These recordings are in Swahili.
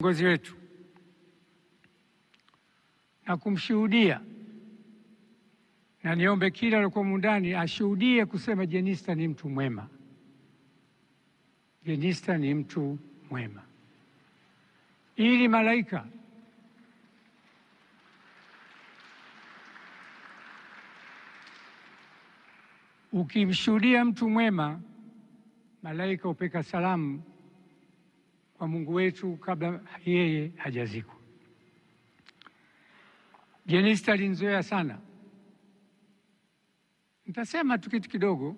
ongozi wetu na kumshuhudia, na niombe kila aliyokuwa mundani ashuhudie kusema Jenista ni mtu mwema. Jenista ni mtu mwema, ili malaika ukimshuhudia mtu mwema, malaika upeka salamu kwa Mungu wetu kabla yeye hajazikwa. Jenista alinizoea sana. Nitasema tu kitu kidogo.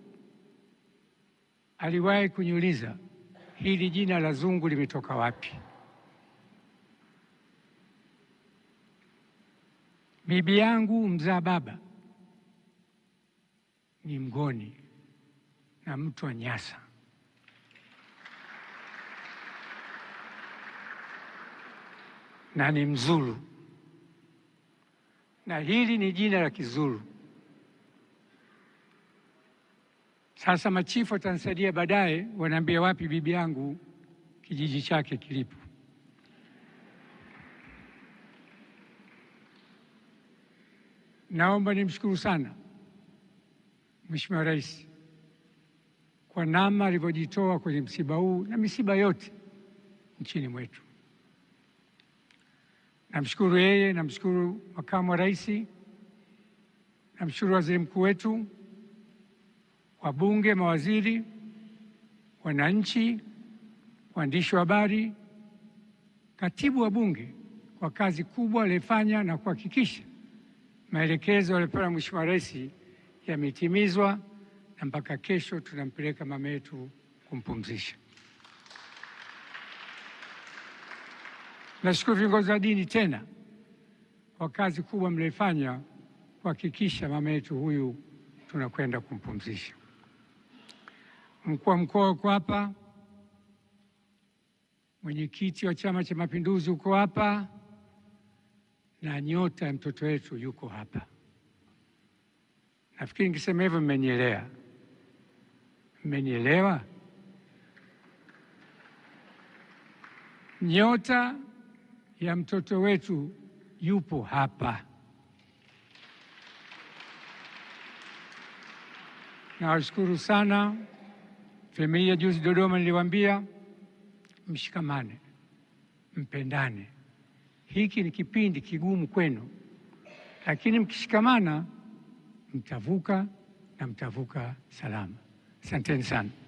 Aliwahi kuniuliza hili jina la Zungu limetoka wapi? Bibi yangu mzaa baba ni Mgoni na mtu wa Nyasa. na ni Mzulu, na hili ni jina la Kizulu. Sasa machifu watanisaidia baadaye, wanaambia wapi bibi yangu kijiji chake kilipo. Naomba nimshukuru sana Mheshimiwa Rais kwa namna alivyojitoa kwenye msiba huu na misiba yote nchini mwetu. Namshukuru yeye, namshukuru makamu wa rais, namshukuru waziri mkuu wetu, wabunge, mawaziri, wananchi, waandishi wa habari, katibu wa bunge kwa kazi kubwa aliyofanya na kuhakikisha maelekezo yaliyopewa mheshimiwa rais yametimizwa na mpaka kesho tunampeleka mama yetu kumpumzisha. Nashukuru viongozi wa dini tena kwa kazi kubwa mlioifanya kuhakikisha mama yetu huyu tunakwenda kumpumzisha. Mkuu wa mkoa uko hapa, mwenyekiti wa Chama cha Mapinduzi uko hapa, na nyota ya mtoto wetu yuko hapa. Nafikiri nikisema hivyo mmenielewa. Mmenielewa? Nyota ya mtoto wetu yupo hapa, na washukuru sana familia. Juzi Dodoma niliwaambia mshikamane, mpendane. Hiki ni kipindi kigumu kwenu, lakini mkishikamana mtavuka na mtavuka salama. Asanteni sana.